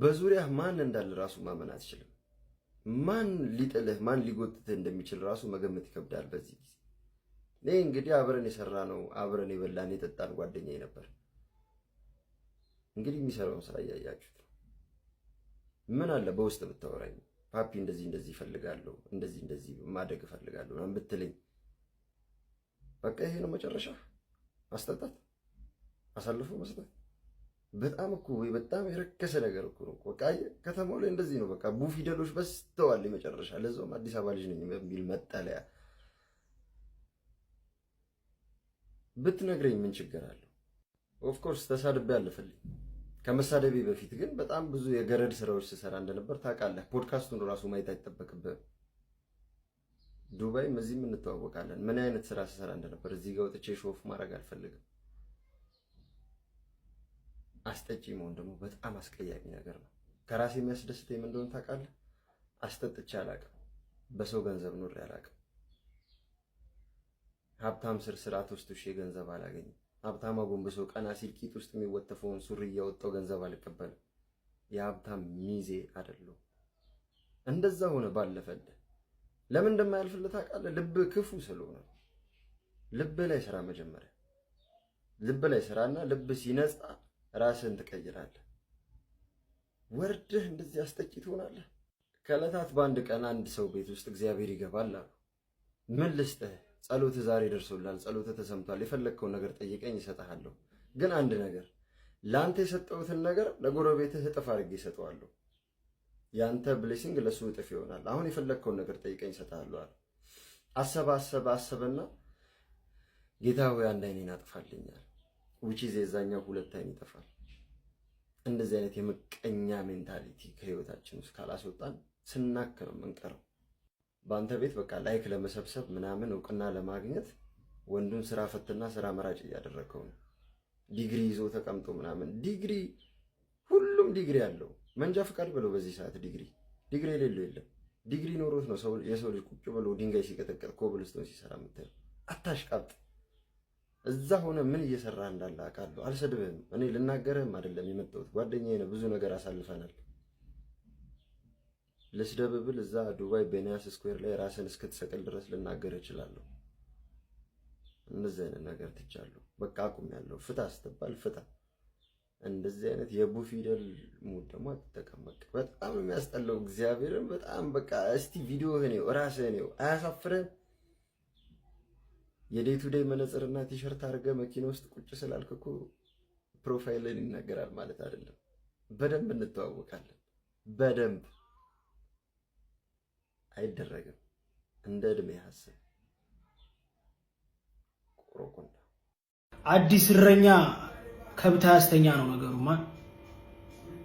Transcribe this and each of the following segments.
በዙሪያ ማን እንዳለ ራሱ ማመን አትችልም። ማን ሊጥልህ ማን ሊጎትትህ እንደሚችል ራሱ መገመት ይከብዳል። በዚህ ጊዜ ይህ እንግዲህ አብረን የሰራ ነው አብረን የበላን የጠጣን ጓደኛ ነበር። እንግዲህ የሚሰራውን ስራ እያያችሁት ነው። ምን አለ በውስጥ ብታወራኝ ፓፒ እንደዚህ እንደዚህ እፈልጋለሁ እንደዚህ እንደዚህ ማደግ እፈልጋለሁ ምናምን ብትለኝ፣ በቃ ይሄ ነው መጨረሻ። ማስጠጣት፣ አሳልፎ መስጠት በጣም እኮ ወይ በጣም የረከሰ ነገር እኮ ነው። በቃ ከተማው ላይ እንደዚህ ነው። በቃ ቡ ፊደሎች በስተዋል የመጨረሻ ለዛውም አዲስ አበባ ልጅ ነኝ በሚል መጠለያ ብትነግረኝ ምን ችግር አለው? ኦፍኮርስ ተሳድቤ አለፈልኝ። ከመሳደቤ በፊት ግን በጣም ብዙ የገረድ ስራዎች ስሰራ እንደነበር ታውቃለህ። ፖድካስቱን ራሱ ማየት አይጠበቅብህም። ዱባይም እዚህም እንተዋወቃለን። ምን አይነት ስራ ስሰራ እንደነበር እዚህ ጋር ሾፍ ማድረግ አልፈልግም። አስጠጪ መሆን ደግሞ በጣም አስቀያሚ ነገር ነው። ከራሴ የሚያስደስት ምን እንደሆነ ታውቃለህ? አስጠጥቼ አላቅም። በሰው ገንዘብ ኑር አላቅም። ሀብታም ስር ስርዓት ውስጥ ውሼ ገንዘብ አላገኝም። ሀብታም አጎንብሶ ቀና ሲል ቂጥ ውስጥ የሚወተፈውን ሱሪ እያወጣው ገንዘብ አልቀበልም። የሀብታም ሚዜ አይደለሁም። እንደዛ ሆነ ባለፈልህ ለምን እንደማያልፍልህ ታውቃለህ? ልብ ክፉ ስለሆነ ልብ ላይ ስራ መጀመሪያ ልብ ላይ ስራና ልብ ሲነጻ ራስህን ትቀይራለህ። ወርድህ እንደዚህ አስጠቂ ትሆናለህ። ከዕለታት በአንድ ቀን አንድ ሰው ቤት ውስጥ እግዚአብሔር ይገባል አሉ። ምን ልስጥህ? ጸሎትህ ዛሬ ደርሶላል፣ ጸሎትህ ተሰምቷል፣ የፈለግከውን ነገር ጠይቀኝ እሰጥሃለሁ። ግን አንድ ነገር ለአንተ የሰጠሁትን ነገር ለጎረቤትህ እጥፍ አድርጌ እሰጠዋለሁ። የአንተ ብሌሲንግ ለሱ እጥፍ ይሆናል። አሁን የፈለግከውን ነገር ጠይቀኝ እሰጥሃለሁ አለ። አሰበ አሰበ አሰበና ጌታ ሆይ አንድ አይኔን አጥፋልኛል ውጪ የዛኛው ሁለት አይን ይጠፋል። እንደዚህ አይነት የምቀኛ ሜንታሊቲ ከህይወታችን ውስጥ ካላስወጣን ስናክ ነው የምንቀረው። በአንተ ቤት በቃ ላይክ ለመሰብሰብ ምናምን እውቅና ለማግኘት ወንዱን ስራ ፈትና ስራ መራጭ እያደረገው ነው። ዲግሪ ይዞ ተቀምጦ ምናምን ዲግሪ፣ ሁሉም ዲግሪ አለው መንጃ ፈቃድ ብለው በዚህ ሰዓት ዲግሪ ዲግሪ የሌለው የለም። ዲግሪ ኖሮት ነው የሰው ልጅ ቁጭ ብሎ ድንጋይ ሲቀጠቀጥ ኮብልስቶን ሲሰራ የምታየው። አታሽቃብጥ። እዛ ሆነ ምን እየሰራ እንዳለ አውቃለሁ። አልሰድብህም። እኔ ልናገርህም አይደለም የመጣሁት ጓደኛዬ ነው። ብዙ ነገር አሳልፈናል። ልስደብብል እዛ ዱባይ ቤንያስ ስኩዌር ላይ ራስን እስክትሰቅል ድረስ ልናገር እችላለሁ። እንደዚህ አይነት ነገር ትቻለሁ። በቃ ያለው ፍታ ስትባል ፍታ። እንደዚህ አይነት የቡ ፊደል ሙድ ደግሞ አትጠቀም። በጣም የሚያስጠላው። እግዚአብሔርን በጣም በቃ እስቲ ራስህ እራስህን አያሳፍርህም? የዴይ ቱ ዴይ መነጽርና ቲሸርት አድርገ መኪና ውስጥ ቁጭ ስላልክ እኮ ፕሮፋይልን ይናገራል ማለት አይደለም። በደንብ እንተዋወቃለን። በደንብ አይደረግም። እንደ እድሜ ሀሰብ አዲስ እረኛ ከብት ያስተኛ ነው ነገሩማ።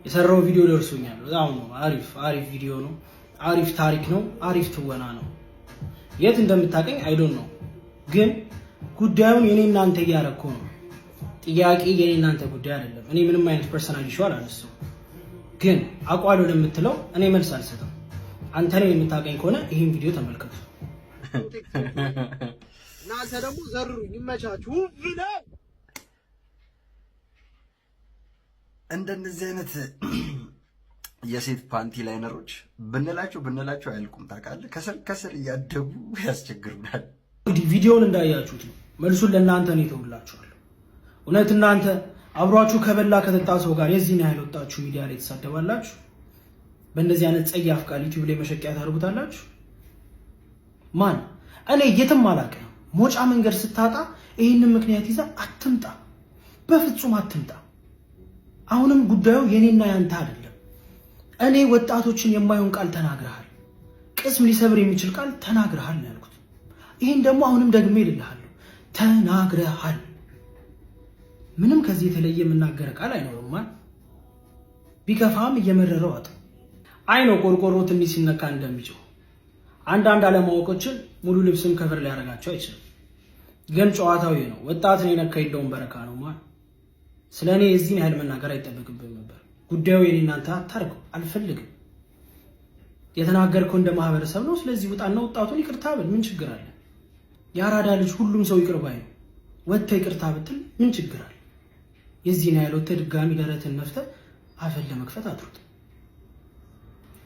የሰራው ቪዲዮ ደርሶኛል። በጣም ነው አሪፍ አሪፍ ቪዲዮ ነው። አሪፍ ታሪክ ነው። አሪፍ ትወና ነው። የት እንደምታቀኝ አይዶን ነው ግን ጉዳዩን የኔ እናንተ እያረኩ ነው። ጥያቄ የኔ እናንተ ጉዳይ አይደለም። እኔ ምንም አይነት ፐርሰናል ይሸዋል አላነሳሁም። ግን አቋሉ ለምትለው እኔ መልስ አልሰጠም አንተ ነው የምታቀኝ ከሆነ ይህን ቪዲዮ ተመልከቱ። እናንተ ደግሞ ዘሩ ይመቻችሁ። እንደነዚህ አይነት የሴት ፓንቲ ላይነሮች ብንላቸው ብንላቸው አያልቁም። ታውቃለህ፣ ከስር ከስር እያደጉ ያስቸግሩናል። እንግዲህ ቪዲዮውን እንዳያችሁት ነው። መልሱን ለእናንተ ነው የተውላችኋለሁ። እውነት እናንተ አብሯችሁ ከበላ ከተጣ ሰው ጋር የዚህን ያህል ወጣችሁ ሚዲያ ላይ የተሳደባላችሁ በእንደዚህ አይነት ጸያፍ ቃል ዩቲዩብ ላይ መሸቂያ ታደርጉታላችሁ። ማን እኔ የትም አላቀ ሞጫ መንገድ ስታጣ ይህንን ምክንያት ይዛ አትምጣ፣ በፍጹም አትምጣ። አሁንም ጉዳዩ የኔና ያንተ አይደለም። እኔ ወጣቶችን የማይሆን ቃል ተናግረሃል፣ ቅስም ሊሰብር የሚችል ቃል ተናግረሃል ነው ያልኩት። ይህን ደግሞ አሁንም ደግሜ እልልሃለሁ፣ ተናግረሃል። ምንም ከዚህ የተለየ የምናገረ ቃል አይኖርማ። ቢከፋም እየመረረው አጥ አይ ነው ቆርቆሮ ትንሽ ሲነካ እንደሚጮህ አንዳንድ አለማወቆችን ሙሉ ልብስም ከፍር ሊያደርጋቸው አይችልም። ግን ጨዋታዊ ነው። ወጣትን የነካ የለውም በረካ ነው ማ ስለ እኔ የዚህን ያህል መናገር አይጠበቅብም ነበር። ጉዳዩ የኔ እናንተ አታርገው አልፈልግም። የተናገርከው እንደ ማህበረሰብ ነው። ስለዚህ ውጣና ወጣቱን ይቅርታ ብል ምን ችግር አለ? የአራዳ ልጅ ሁሉም ሰው ይቅር ባይ ወጥተህ ይቅርታ ብትል ምን ችግር አለ? የዚህን ያህል ወጥተህ ድጋሚ ደረትን መፍተ አፈን ለመክፈት አድሩት።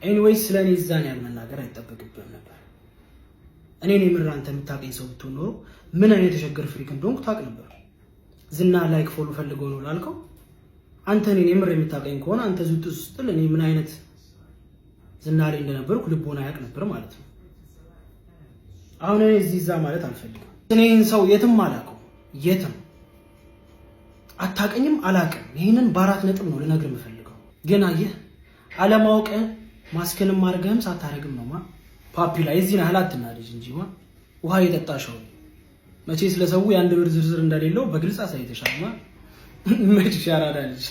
ኤኒዌይስ ስለ እኔ እዛን ያህል መናገር አይጠበቅብህም ነበር። እኔን የምር አንተ የምታቀኝ ሰው ብትሆን ኖሮ ምን አይነት የተቸገረ ፍሪክ እንደሆንኩ ታውቅ ነበር። ዝና ላይክ ፎሎ ፈልገው ነው ላልከው አንተ እኔን የምር የምታቀኝ ከሆነ አንተ ዝውጥ ውስጥ እኔ ምን አይነት ዝና ላይ እንደነበርኩ ልቦና ያውቅ ነበር ማለት ነው። አሁን እኔ እዚህ እዛ ማለት አልፈልግም። እኔን ሰው የትም አላውቀው፣ የትም አታውቅኝም፣ አላውቅም። ይህንን በአራት ነጥብ ነው ልነግር የምፈልገው። ግን አየህ አለማወቅህን ማስክንም አድርገህም ሳታደርግም ነው ማ ፓፒ ላይ የዚህን ያህል አትናደጅ እንጂ ማ ውሃ የጠጣሽው መቼ ስለሰው የአንድ ብር ዝርዝር እንደሌለው በግልጽ አሳይተሻል። ማ መች ይሻራዳልሽ